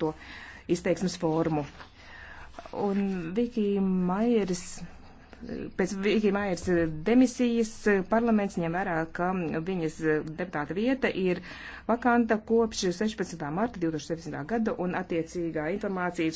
izmanto izteiksmes formu. Un Viki Maieris pēc Vigimairas demisijas parlaments ņem vērā, ka viņas deputāta vieta ir vakanta kopš 16. marta 2017. gada un attiecīgā informācijas